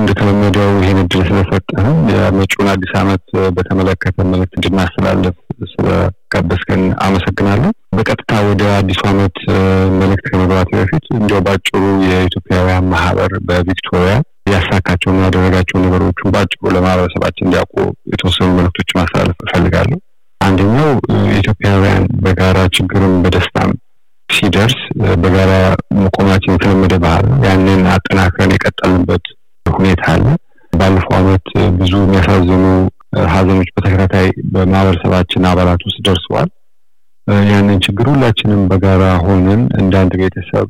እንደተለመደው ይህን እድል ስለሰጠህን የመጪውን አዲስ ዓመት በተመለከተ መልእክት እንድናስተላልፍ ስለጋበዝከን አመሰግናለሁ። በቀጥታ ወደ አዲሱ ዓመት መልእክት ከመግባት በፊት እንዲያው ባጭሩ የኢትዮጵያውያን ማህበር በቪክቶሪያ ያሳካቸውን ያደረጋቸው ነገሮችን ባጭሩ ለማህበረሰባችን እንዲያውቁ የተወሰኑ መልእክቶች ማስተላለፍ እፈልጋለሁ። አንደኛው ኢትዮጵያውያን በጋራ ችግርም በደስታም ሲደርስ በጋራ መቆማችን የተለመደ ባህል ነው። ያንን አጠናክረን የቀጠልንበት ሁኔታ አለ። ባለፈው ዓመት ብዙ የሚያሳዝኑ ሀዘኖች በተከታታይ በማህበረሰባችን አባላት ውስጥ ደርሰዋል። ያንን ችግር ሁላችንም በጋራ ሆነን እንደ አንድ ቤተሰብ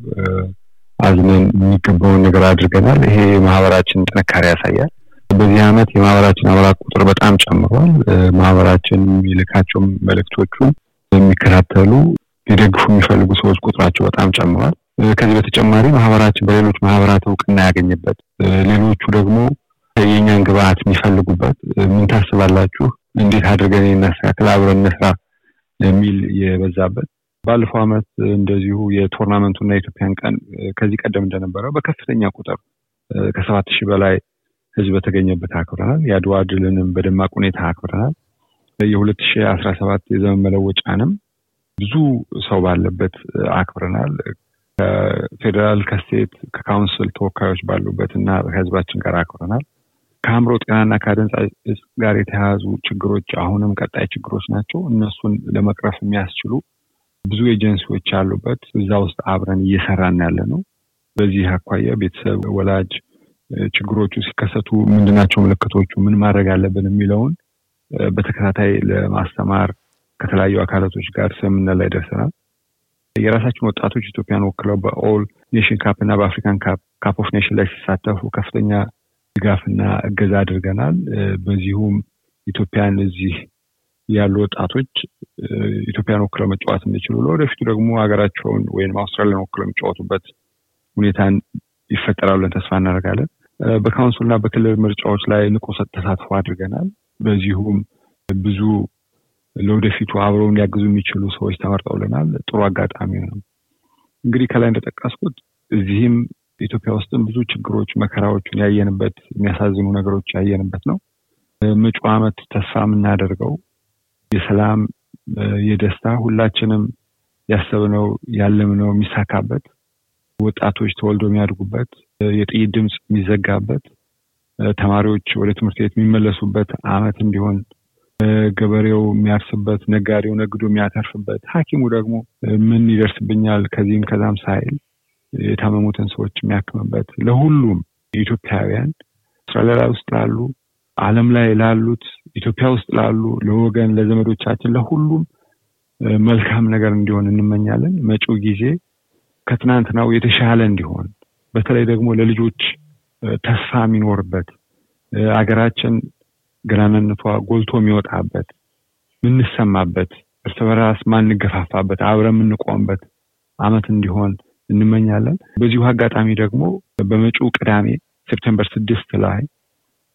አዝነን የሚገባውን ነገር አድርገናል። ይሄ የማህበራችን ጥንካሬ ያሳያል። በዚህ ዓመት የማህበራችን አባላት ቁጥር በጣም ጨምሯል። ማህበራችን የሚልካቸውም መልእክቶቹን የሚከታተሉ ሊደግፉ የሚፈልጉ ሰዎች ቁጥራቸው በጣም ጨምሯል። ከዚህ በተጨማሪ ማህበራችን በሌሎች ማህበራት እውቅና ያገኝበት፣ ሌሎቹ ደግሞ የእኛን ግብአት የሚፈልጉበት ምን ታስባላችሁ፣ እንዴት አድርገን እናስተካክል፣ አብረን እንስራ የሚል የበዛበት ባለፈው ዓመት እንደዚሁ የቶርናመንቱና የኢትዮጵያን ቀን ከዚህ ቀደም እንደነበረው በከፍተኛ ቁጥር ከሰባት ሺህ በላይ ህዝብ በተገኘበት አክብረናል። የአድዋ ድልንም በደማቅ ሁኔታ አክብረናል። የሁለት ሺህ አስራ ሰባት የዘመን መለወጫንም ብዙ ሰው ባለበት አክብረናል። ከፌዴራል ከስቴት ከካውንስል ተወካዮች ባሉበት እና ከህዝባችን ጋር አክብረናል። ከአእምሮ ጤናና ከአደንዛዥ ጋር የተያያዙ ችግሮች አሁንም ቀጣይ ችግሮች ናቸው። እነሱን ለመቅረፍ የሚያስችሉ ብዙ ኤጀንሲዎች አሉበት እዛ ውስጥ አብረን እየሰራን ያለ ነው። በዚህ አኳያ ቤተሰብ፣ ወላጅ ችግሮቹ ሲከሰቱ ምንድናቸው ምልክቶቹ፣ ምን ማድረግ አለብን የሚለውን በተከታታይ ለማስተማር ከተለያዩ አካላቶች ጋር ስምምነት ላይ ደርሰናል። የራሳችን ወጣቶች ኢትዮጵያን ወክለው በኦል ኔሽን ካፕ እና በአፍሪካን ካፕ ኦፍ ኔሽን ላይ ሲሳተፉ ከፍተኛ ድጋፍና እገዛ አድርገናል። በዚሁም ኢትዮጵያን እዚህ ያሉ ወጣቶች ኢትዮጵያን ወክለው መጫወት እንዲችሉ ለወደፊቱ ደግሞ ሀገራቸውን ወይም አውስትራሊያን ወክለው የሚጫወቱበት ሁኔታን ይፈጠራል ብለን ተስፋ እናደርጋለን። በካውንስልና በክልል ምርጫዎች ላይ ንቁ ተሳትፎ አድርገናል። በዚሁም ብዙ ለወደፊቱ አብረውን ሊያግዙ የሚችሉ ሰዎች ተመርጠውልናል። ጥሩ አጋጣሚ ነው። እንግዲህ ከላይ እንደጠቀስኩት እዚህም ኢትዮጵያ ውስጥም ብዙ ችግሮች፣ መከራዎችን ያየንበት የሚያሳዝኑ ነገሮች ያየንበት ነው። ምጩ አመት ተስፋ የምናደርገው የሰላም የደስታ ሁላችንም ያሰብነው ያለምነው የሚሳካበት ወጣቶች ተወልዶ የሚያድጉበት የጥይት ድምፅ የሚዘጋበት ተማሪዎች ወደ ትምህርት ቤት የሚመለሱበት አመት እንዲሆን ገበሬው የሚያርስበት፣ ነጋዴው ነግዶ የሚያተርፍበት፣ ሐኪሙ ደግሞ ምን ይደርስብኛል ከዚህም ከዛም ሳይል የታመሙትን ሰዎች የሚያክምበት ለሁሉም ኢትዮጵያውያን አውስትራሊያ ውስጥ ላሉ ዓለም ላይ ላሉት ኢትዮጵያ ውስጥ ላሉ ለወገን ለዘመዶቻችን ለሁሉም መልካም ነገር እንዲሆን እንመኛለን። መጪው ጊዜ ከትናንትናው የተሻለ እንዲሆን በተለይ ደግሞ ለልጆች ተስፋ የሚኖርበት አገራችን ገናንነቷ ጎልቶ የሚወጣበት የምንሰማበት፣ እርስ በራስ ማንገፋፋበት፣ አብረ የምንቆምበት አመት እንዲሆን እንመኛለን። በዚሁ አጋጣሚ ደግሞ በመጪው ቅዳሜ ሴፕቴምበር ስድስት ላይ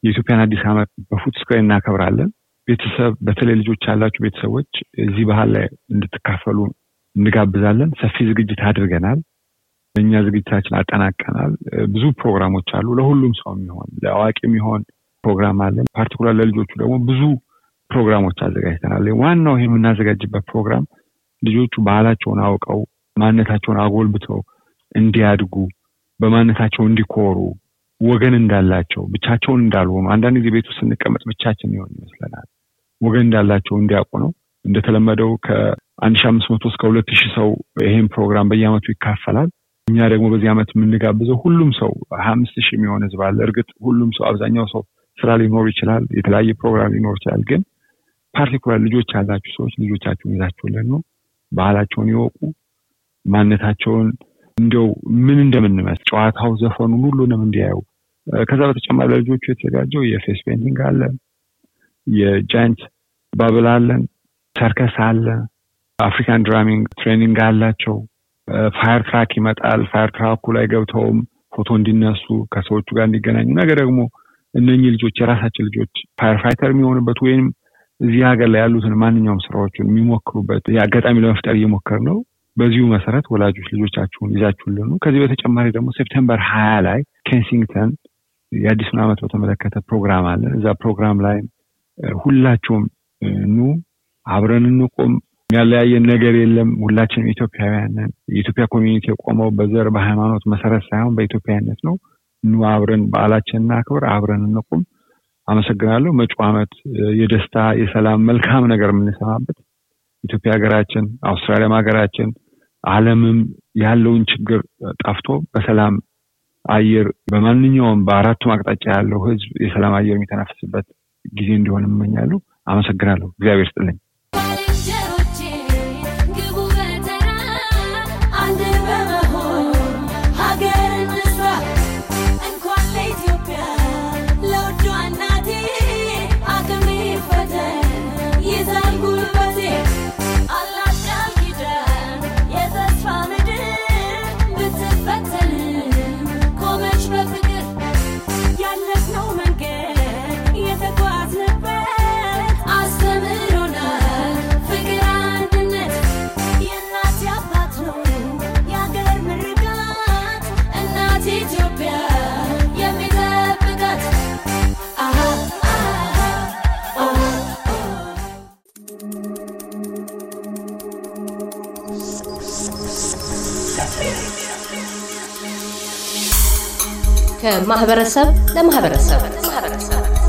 የኢትዮጵያን አዲስ ዓመት በፉትስክሬ እናከብራለን። ቤተሰብ በተለይ ልጆች ያላችሁ ቤተሰቦች እዚህ ባህል ላይ እንድትካፈሉ እንጋብዛለን። ሰፊ ዝግጅት አድርገናል። እኛ ዝግጅታችን አጠናቀናል። ብዙ ፕሮግራሞች አሉ። ለሁሉም ሰው የሚሆን ለአዋቂ የሚሆን ፕሮግራም አለን። ፓርቲኩላር ለልጆቹ ደግሞ ብዙ ፕሮግራሞች አዘጋጅተናል። ዋናው ይህ የምናዘጋጅበት ፕሮግራም ልጆቹ ባህላቸውን አውቀው ማንነታቸውን አጎልብተው እንዲያድጉ፣ በማንነታቸው እንዲኮሩ፣ ወገን እንዳላቸው፣ ብቻቸውን እንዳልሆኑ አንዳንድ ጊዜ ቤቱ ስንቀመጥ ብቻችን ይሆን ይመስለናል። ወገን እንዳላቸው እንዲያውቁ ነው። እንደተለመደው ከአንድ ሺ አምስት መቶ እስከ ሁለት ሺህ ሰው ይህን ፕሮግራም በየዓመቱ ይካፈላል። እኛ ደግሞ በዚህ አመት የምንጋብዘው ሁሉም ሰው ሀያ አምስት ሺህ የሚሆን ህዝብ አለ። እርግጥ ሁሉም ሰው አብዛኛው ሰው ስራ ሊኖር ይችላል፣ የተለያየ ፕሮግራም ሊኖር ይችላል። ግን ፓርቲኩላር ልጆች ያላችሁ ሰዎች ልጆቻችሁን ይዛችሁልን ነው ባህላቸውን ይወቁ ማንነታቸውን እንዲያው ምን እንደምንመስል ጨዋታው፣ ዘፈኑን ሁሉንም እንዲያዩ። ከዛ በተጨማሪ ለልጆቹ የተዘጋጀው የፌስ ፔንቲንግ አለ፣ የጃይንት ባብል አለን፣ ሰርከስ አለ፣ አፍሪካን ድራሚንግ ትሬኒንግ አላቸው። ፋየር ትራክ ይመጣል። ፋየር ትራኩ ላይ ገብተውም ፎቶ እንዲነሱ ከሰዎቹ ጋር እንዲገናኙ ነገ ደግሞ እነኚህ ልጆች የራሳችን ልጆች ፋየርፋይተር የሚሆንበት ወይም እዚህ ሀገር ላይ ያሉትን ማንኛውም ስራዎችን የሚሞክሩበት አጋጣሚ ለመፍጠር እየሞከር ነው። በዚሁ መሰረት ወላጆች ልጆቻችሁን ይዛችሁን ልኑ። ከዚህ በተጨማሪ ደግሞ ሴፕቴምበር ሀያ ላይ ኬንሲንግተን የአዲሱን ዓመት በተመለከተ ፕሮግራም አለ። እዛ ፕሮግራም ላይ ሁላችሁም ኑ፣ አብረን እንቆም፣ የሚያለያየን ነገር የለም። ሁላችንም ኢትዮጵያውያን ነን። የኢትዮጵያ ኮሚኒቲ የቆመው በዘር በሃይማኖት መሰረት ሳይሆን በኢትዮጵያዊነት ነው። ኑ አብረን በዓላችን እናክብር፣ አብረን እንቁም። አመሰግናለሁ። መጪው ዓመት የደስታ የሰላም መልካም ነገር የምንሰማበት ኢትዮጵያ ሀገራችን፣ አውስትራሊያም ሀገራችን፣ ዓለምም ያለውን ችግር ጠፍቶ በሰላም አየር በማንኛውም በአራቱም አቅጣጫ ያለው ሕዝብ የሰላም አየር የሚተነፍስበት ጊዜ እንዲሆን እመኛለሁ። አመሰግናለሁ። እግዚአብሔር ስጥልኝ። ከማህበረሰብ ለማህበረሰብ